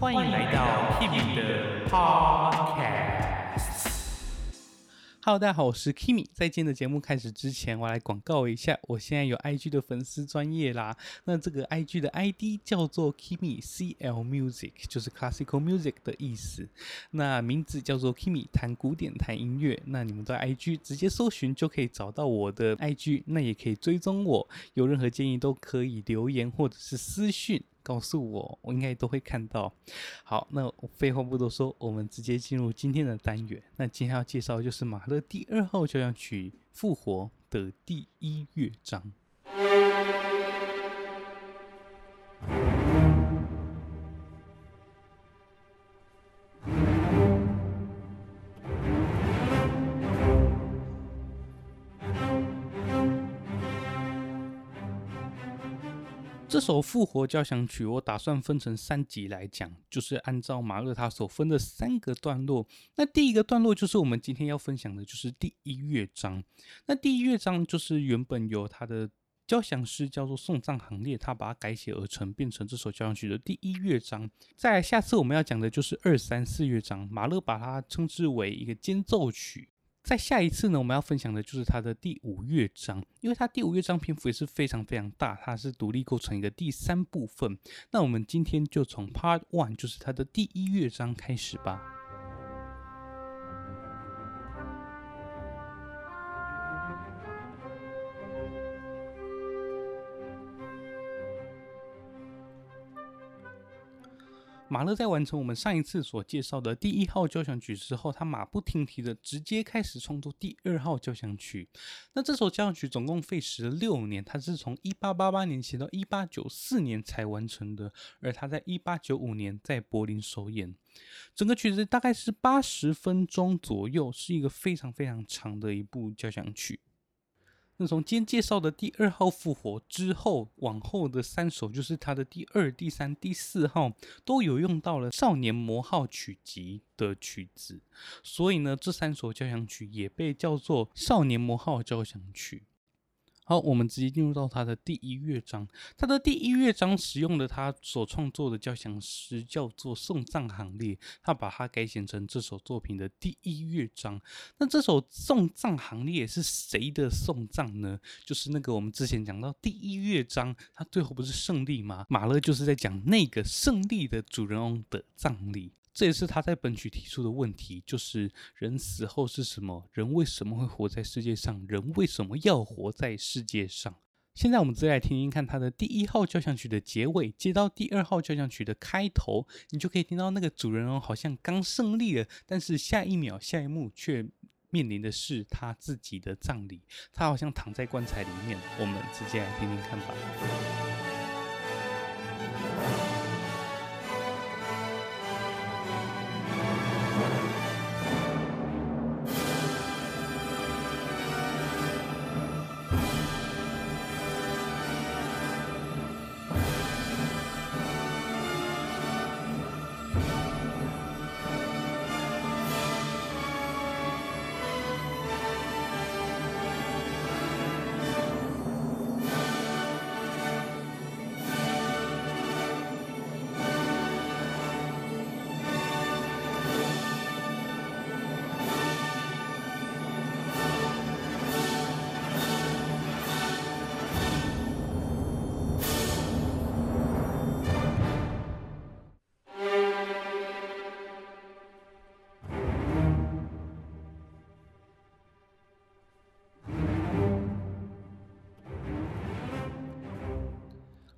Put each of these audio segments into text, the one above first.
歡迎來到 Kimi 的 Podcast。Hello，大家好，我是 Kimi。在今天的節目開始之前，我來廣告一下，我現在有 IG 的粉絲專業啦。那這個 IG 的 ID 叫做 Kimi CL Music，就是 Classical Music 的意思。那名字叫做 Kimi，彈古典，彈音樂。那你們在 IG 直接搜尋就可以找到我的 IG，那也可以追蹤我。有任何建議都可以留言或者是私訊。告訴我，我應該都會看到。好，那廢話不多說，我們直接進入今天的單元。那今天要介紹就是馬勒第二號交響曲《復活》的第一樂章。這首《復活交響曲》，我打算分成三集來講，就是按照馬勒他所分的三個段落。那第一個段落就是我們今天要分享的，就是第一樂章。那第一樂章就是原本由他的交響詩叫做《送葬行列》，他把它改寫而成，變成這首交響曲的第一樂章。再下次我們要講的就是二三四樂章，馬勒把它稱之為一個間奏曲。在下一次呢，我們要分享的就是它的第五樂章，因為它第五樂章篇幅也是非常非常大，它是獨立構成一個第三部分。那我們今天就從 part one，就是它的第一樂章開始吧。馬勒在完成我們上一次所介紹的第一號交響曲之後，他馬不停蹄的直接開始創作第二號交響曲。那這首交響曲總共費時了六年，他是從一八八八年寫到一八九四年才完成的，而他在一八九五年在柏林首演。整個曲子大概是八十分鐘左右，是一個非常非常長的一部交響曲。那從今天介紹的第二號復活之後，往後的三首就是他的第二、第三、第四號，都有用到了《少年魔號曲集》的曲子，所以呢，這三首交響曲也被叫做《少年魔號交響曲》。好，我們直接進入到他的第一樂章。他的第一樂章使用的他所創作的交響詩叫做《送葬行列》，他把它改寫成這首作品的第一樂章。那這首《送葬行列》是誰的送葬呢？就是那個我們之前講到第一樂章，他最後不是勝利嗎？馬勒就是在講那個勝利的主人翁的葬禮。這也是他在本曲提出的問題，就是人死後是什麼？人為什麼會活在世界上？人為什麼要活在世界上？現在我們直接來聽聽看他的第一號交響曲的結尾，接到第二號交響曲的開頭，你就可以聽到那個主人公好像剛勝利了，但是下一秒，下一幕卻面臨的是他自己的葬禮。他好像躺在棺材裡面。我們直接來聽聽看吧。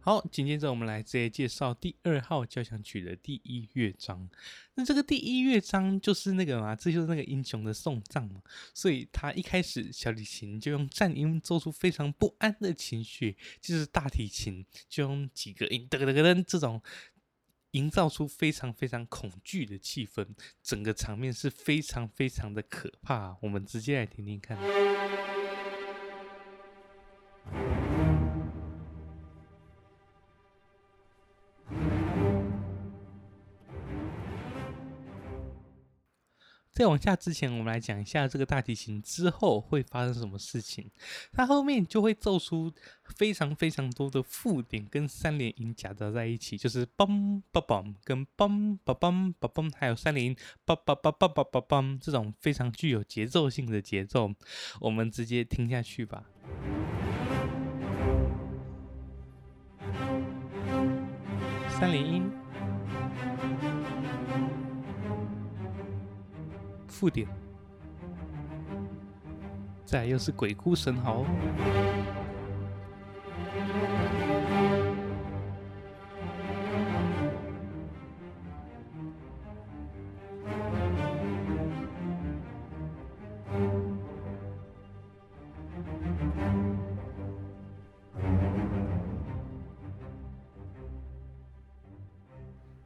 好，緊接着我們來直接介紹第二號交響曲的第一樂章。那這個第一樂章就是那個嘛，這就是那個英雄的送葬嘛。所以他一開始小提琴就用顫音做出非常不安的情緒，就是大提琴就用幾個音得得得這種營造出非常非常恐懼的氣氛，整個場面是非常非常的可怕。我們直接來聽聽看。嗯再往下之前，我們來講一下這個大提琴之後會發生什麼事情。它後面就會奏出非常非常多的附點跟三連音夾雜在一起，就是嘣嘣嘣跟嘣嘣嘣嘣嘣，還有三連音，嘣嘣嘣嘣嘣嘣嘣這種非常具有節奏性的節奏。我們直接聽下去吧。三連音。副點，再又是鬼哭神嚎。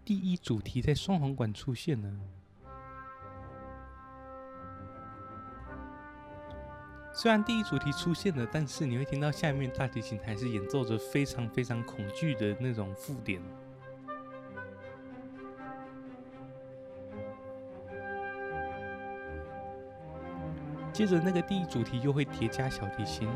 第一主題在雙簧管出現了。雖然第一主題出現了，但是你會聽到下面大提琴還是演奏着非常非常恐懼的那種附點。接着那個第一主題又會疊加小提琴。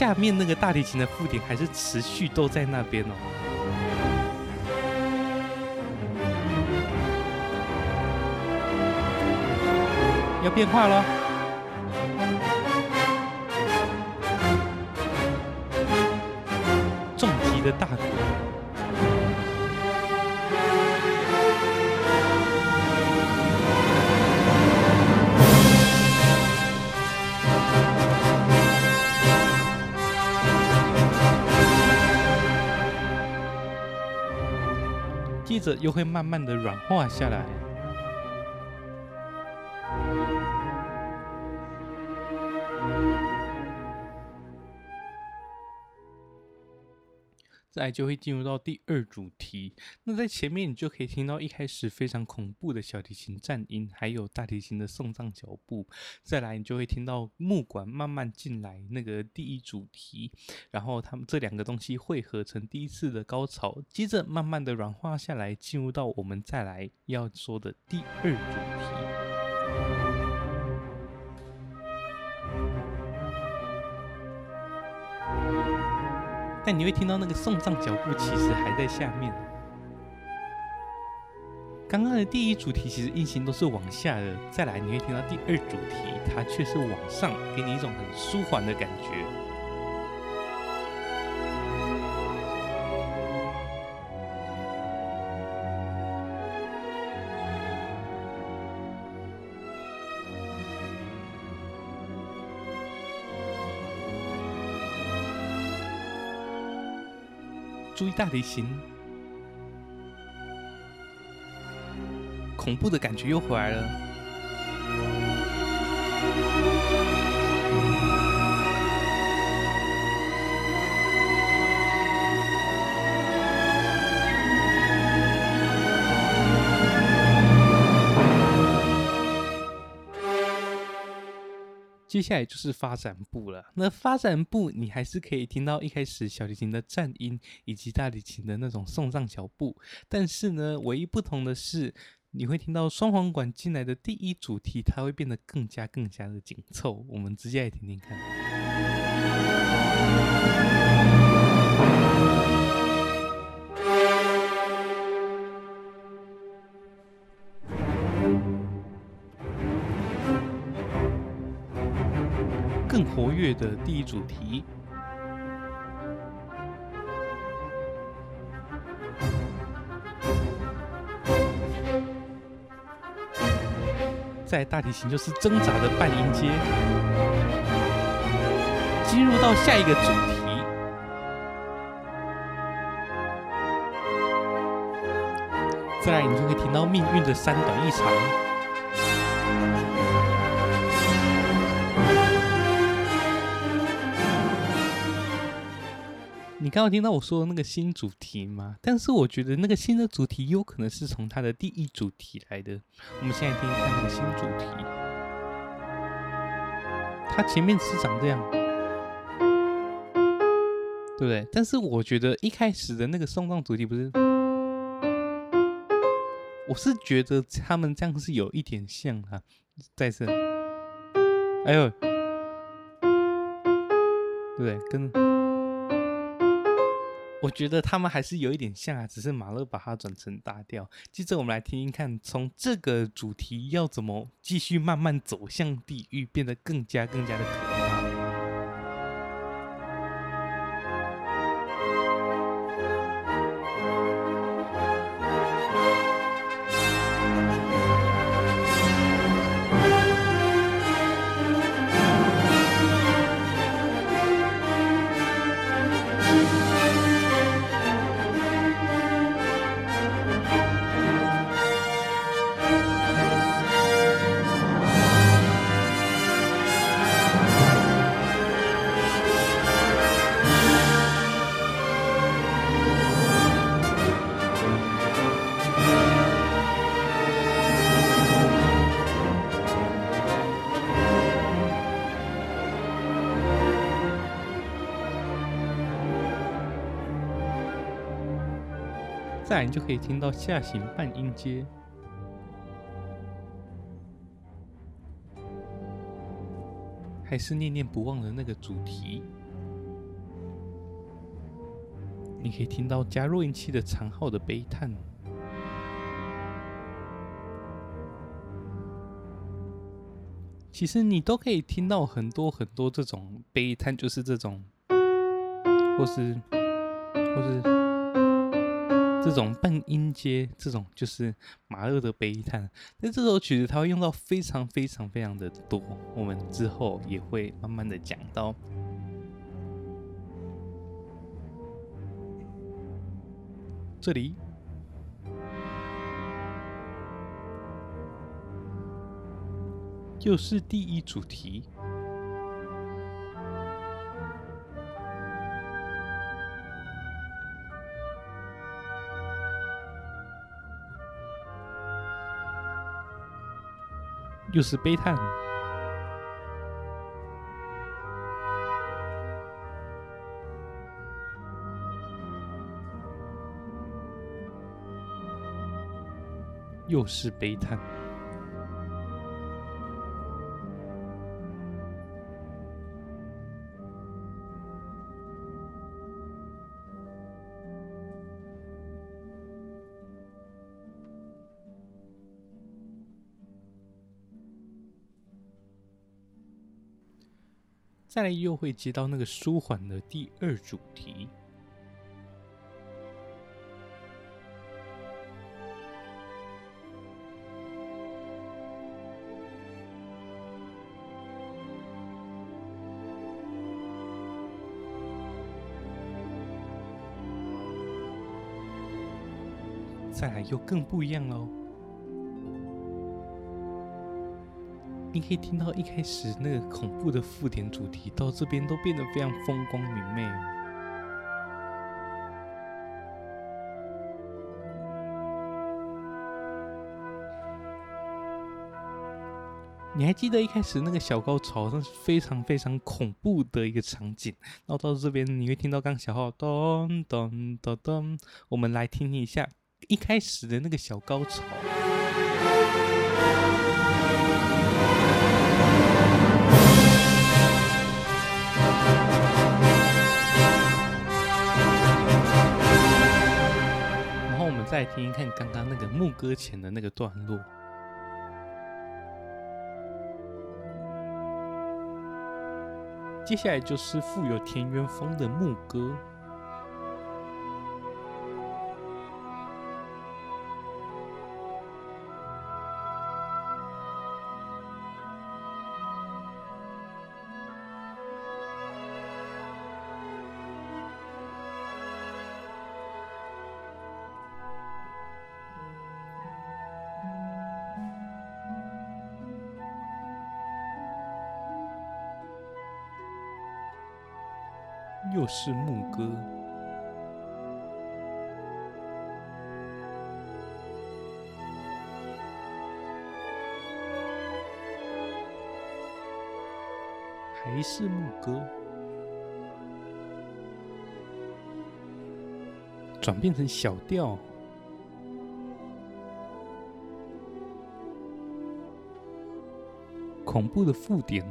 下面那個大提琴的附點還是持續都在那邊哦，要變快咯，重擊的大。這又會慢慢的軟化下來。再來就會進入到第二主題。那在前面你就可以聽到一開始非常恐怖的小提琴顫音，還有大提琴的送葬腳步。再來你就會聽到木管慢慢進來那個第一主題，然後他們這兩個東西匯合成第一次的高潮，接着慢慢的軟化下來，進入到我們再來要說的第二主題。你會聽到那個送葬腳步，其實還在下面。剛剛的第一主題其實音型都是往下的，再來你會聽到第二主題，它卻是往上，給你一種很舒緩的感覺。注意大提琴，恐怖的感覺又回來了。接下來就是發展部了。那發展部，你還是可以聽到一開始小提琴的顫音，以及大提琴的那種送葬腳步。但是呢，唯一不同的是，你會聽到雙簧管進來的第一主題，它會變得更加更加的緊湊。我們直接來聽聽看。 活躍的第一主題，在大提琴就是掙扎的半音階，進入到下一個主題，自然你就會聽到命運的三短一長。你剛剛聽到我說的那個新主題嗎？但是我覺得那個新的主題有可能是從他的第一主題來的。我們現在聽一下那個新主題，它前面是長這樣，對不對？但是我覺得一開始的那個送葬主題不是，我是覺得他們這樣是有一點像啊。在這，哎呦，對不對？跟。我覺得他們還是有一點像，啊，只是馬勒把它轉成大調。接着我們來聽聽看，從這個主題要怎麼繼續慢慢走向地獄，變得更加更加的可怕。自然就可以聽到下行半音階，還是念念不忘的那個主題。你可以聽到加弱音器的長號的悲嘆。其實你都可以聽到很多很多這種悲嘆，就是這種，或是，或是。這種半音階，這種就是馬勒的悲嘆。那這首曲子它會用到非常非常非常的多，我們之後也會慢慢的講到。這裡又是第一主題。又是悲嘆，又是悲嘆。再來又會接到那個舒緩的第二主題，再來又更不一樣嘍。你可以聽到一開始那個恐怖的附點主題到這邊都變得非常風光明媚。你還記得一開始那個小高潮，那是非常非常恐怖的一個場景。然後到這邊你會聽到剛小號咚咚咚咚，我們來聽一下一開始的那個小高潮。再聽聽看剛剛那個牧歌前的那個段落，接下來就是富有田園風的牧歌。轉變成小調，恐怖的附點。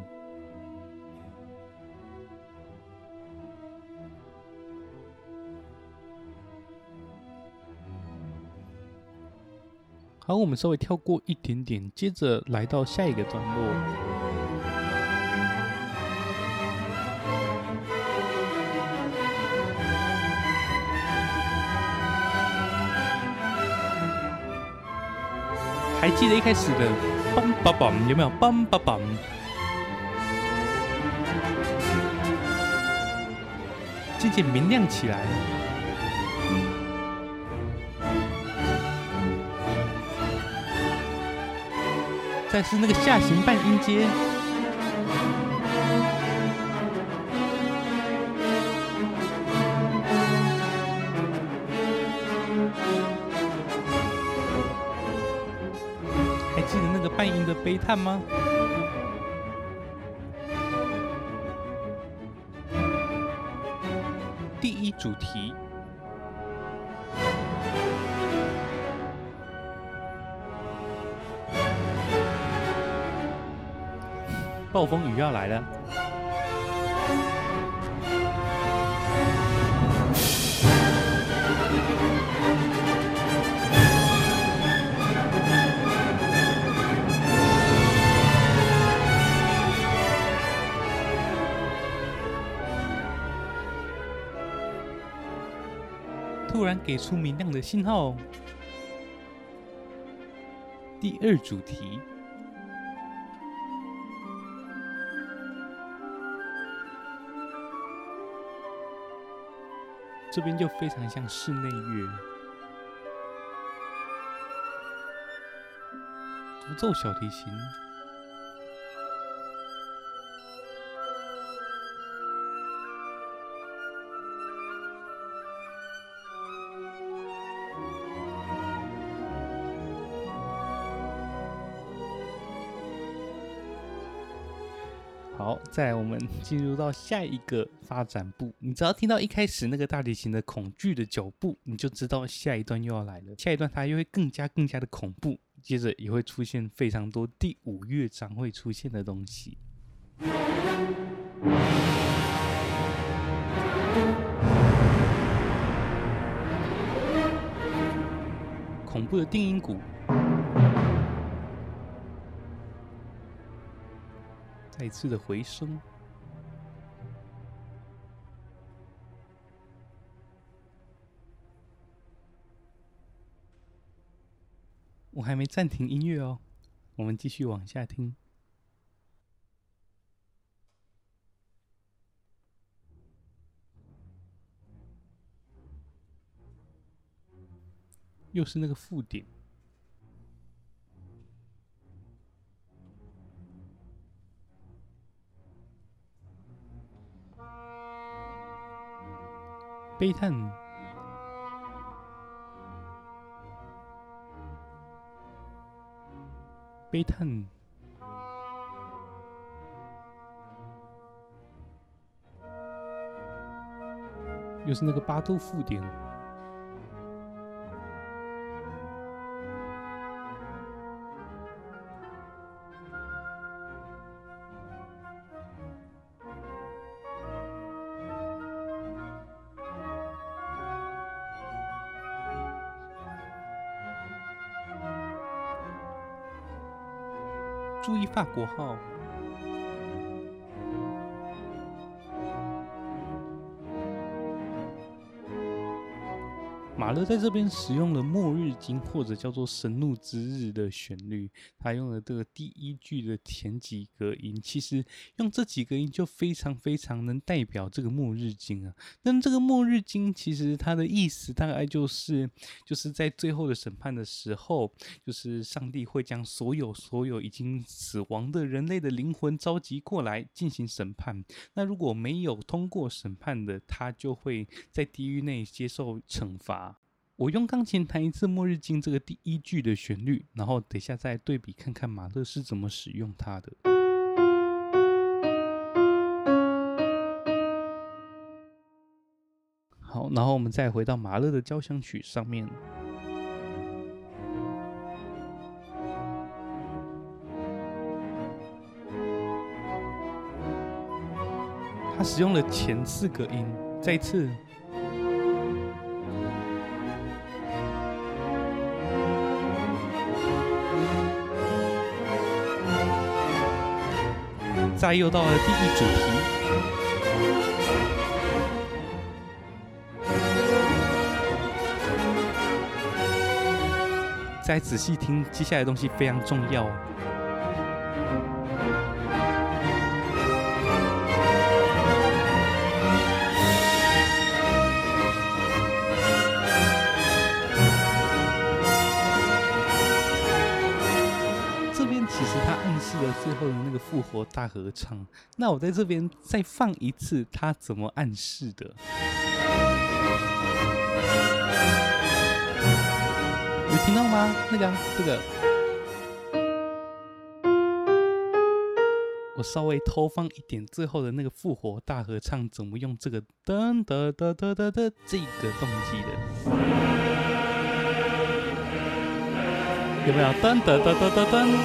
好，我們稍微跳過一點點，接着來到下一個段落。記得一開始的嘣吧嘣，有沒有嘣吧嘣？漸漸明亮起來。再來是那個下行半音階。記得那個半音的悲嘆嗎？第一主題，暴風雨要來了。給出明亮的信號。第二主題，這邊就非常像室內樂，獨奏小提琴。再我們進入到下一個發展部，你只要聽到一開始那個大提琴的恐懼的腳步，你就知道下一段又要來了。下一段它又會更加更加的恐怖，接着也會出現非常多第五樂章會出現的東西，恐怖的定音鼓。再次的回升，我還沒暫停音樂哦，我們繼續往下聽，又是那個附點。悲嘆，悲嘆，又是那個八度附點。注意法國號。馬勒在這邊使用了《末日經》或者叫做《神怒之日》的旋律，他用了這個第一句的前幾個音，其實用這幾個音就非常非常能代表這個《末日經》啊。但這個《末日經》其實它的意思大概就是，就是在最後的審判的時候，就是上帝會將所有所有已經死亡的人類的靈魂召集過來進行審判。那如果沒有通過審判的，他就會在地獄內接受懲罰。我用鋼琴彈一次《末日經》這個第一句的旋律，然後等下再對比看看馬勒是怎麼使用它的。好，然後我們再回到馬勒的交響曲上面，他使用了前四個音，再一次。再又到了第一主題，再仔細聽，接下來的東西非常重要。復活大合唱，那我在這邊再放一次，他怎麼暗示的？有聽到嗎？那個，這個，我稍微偷放一點，最後的那個復活大合唱怎麼用這個噔噔噔噔噔這個動機的？有沒有噔噔噔噔噔噔？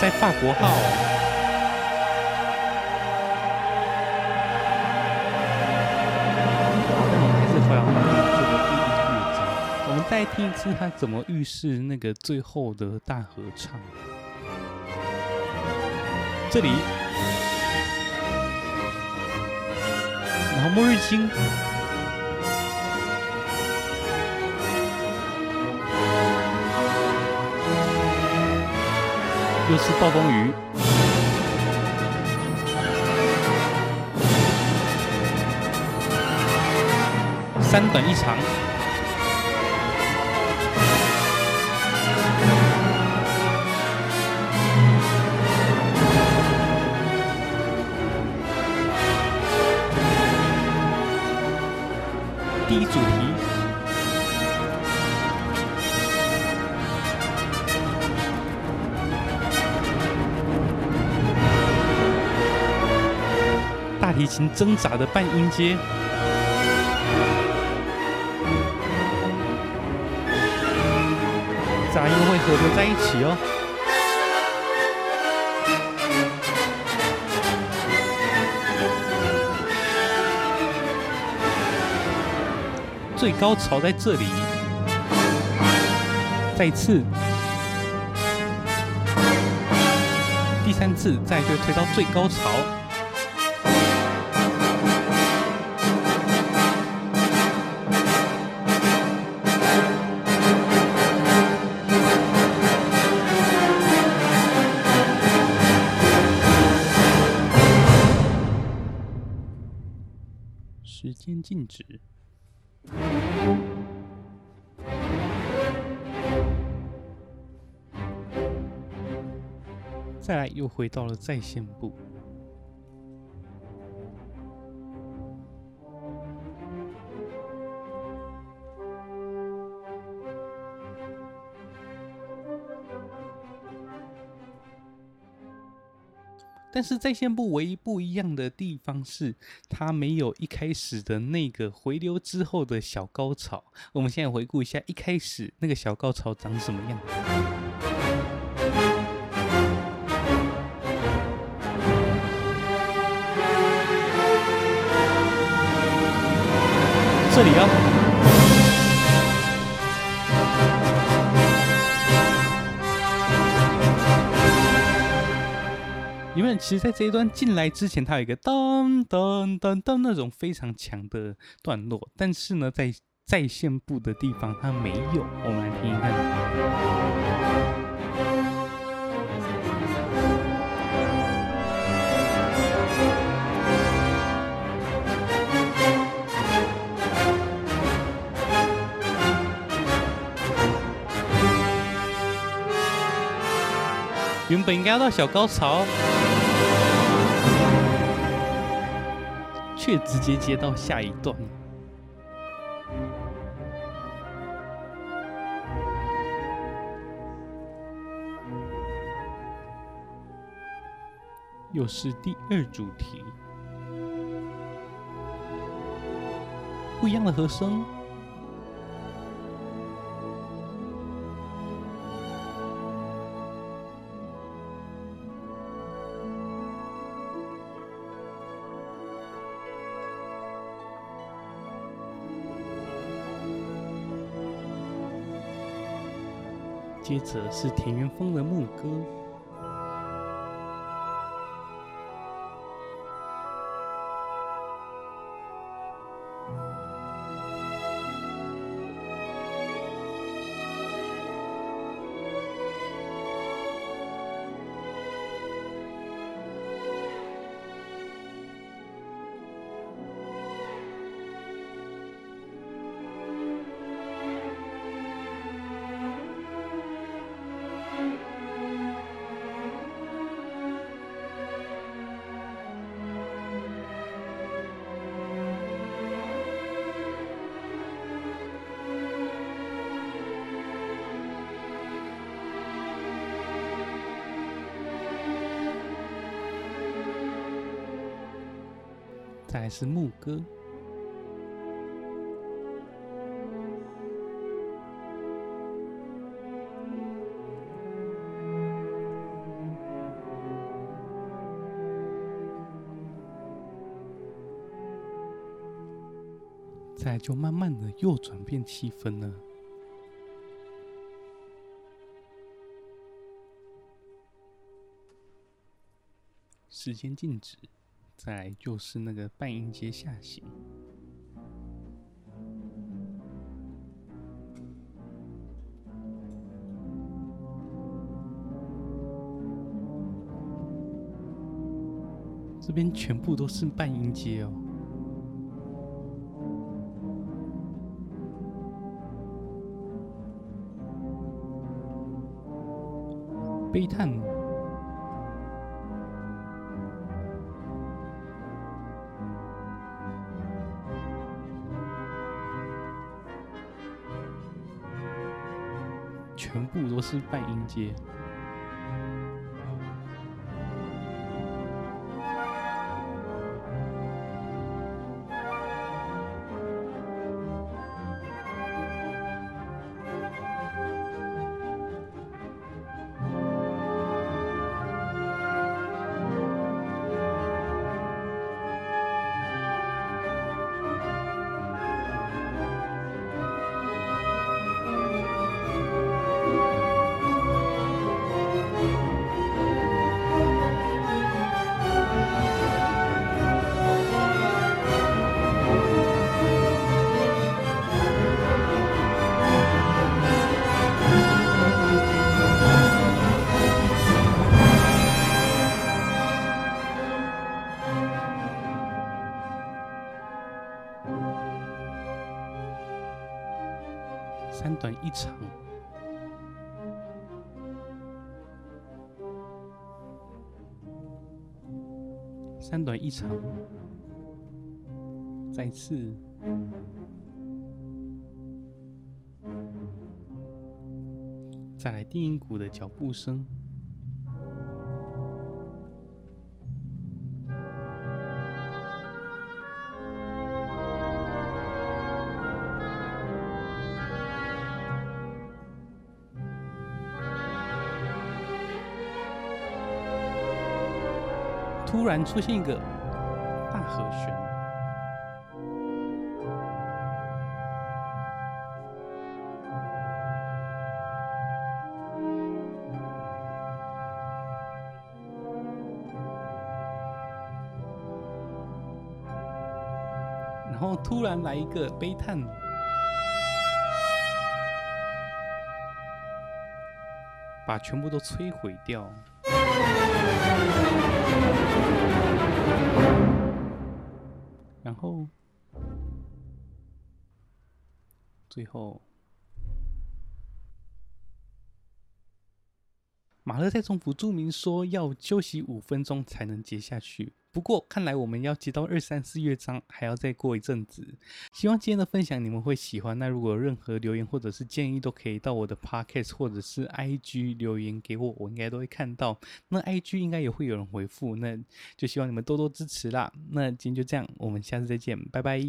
在法國號，我們開始回想貝我們再聽一次他怎麼預示那個最後的大合唱，這裡，然後莫瑞金。又是暴風雨，三短一長。大提琴掙扎的半音階，雜音會和我在一起哦。最高潮在這裡，再一次，第三次再就推到最高潮。又回到了再現部，但是再現部唯一不一樣的地方是，它沒有一開始的那個回流之後的小高潮。我們現在回顧一下一開始那個小高潮長什麼樣子。這裡啊、哦，你們其實，在這一段進來之前，它有一個噔噔噔噔那種非常強的段落，但是呢，在再現部的地方它沒有。我們來聽一看。本應該要到小高潮，卻直接接到下一段了。又是第二主題，不一樣的和聲。接着是田園風的牧歌。還是牧歌，再就慢慢的又轉變氣氛了，時間靜止。再來就是那個半音階下行。這邊全部都是半音階哦，悲嘆。全部都是半音階。三短一長，三短一長，再次，再來，低音鼓的腳步聲。突然出現一個大和弦，然後突然來一個悲嘆，把全部都摧毀掉。然後，最後，馬勒在總譜注明說要休息五分鐘才能接下去。不過看來我們要接到二三四樂章還要再過一陣子，希望今天的分享你們會喜歡。那如果有任何留言或者是建議，都可以到我的 podcast 或者是 IG 留言給我，我應該都會看到。那 IG 應該也會有人回復，那就希望你們多多支持啦。那今天就這樣，我們下次再見，拜拜。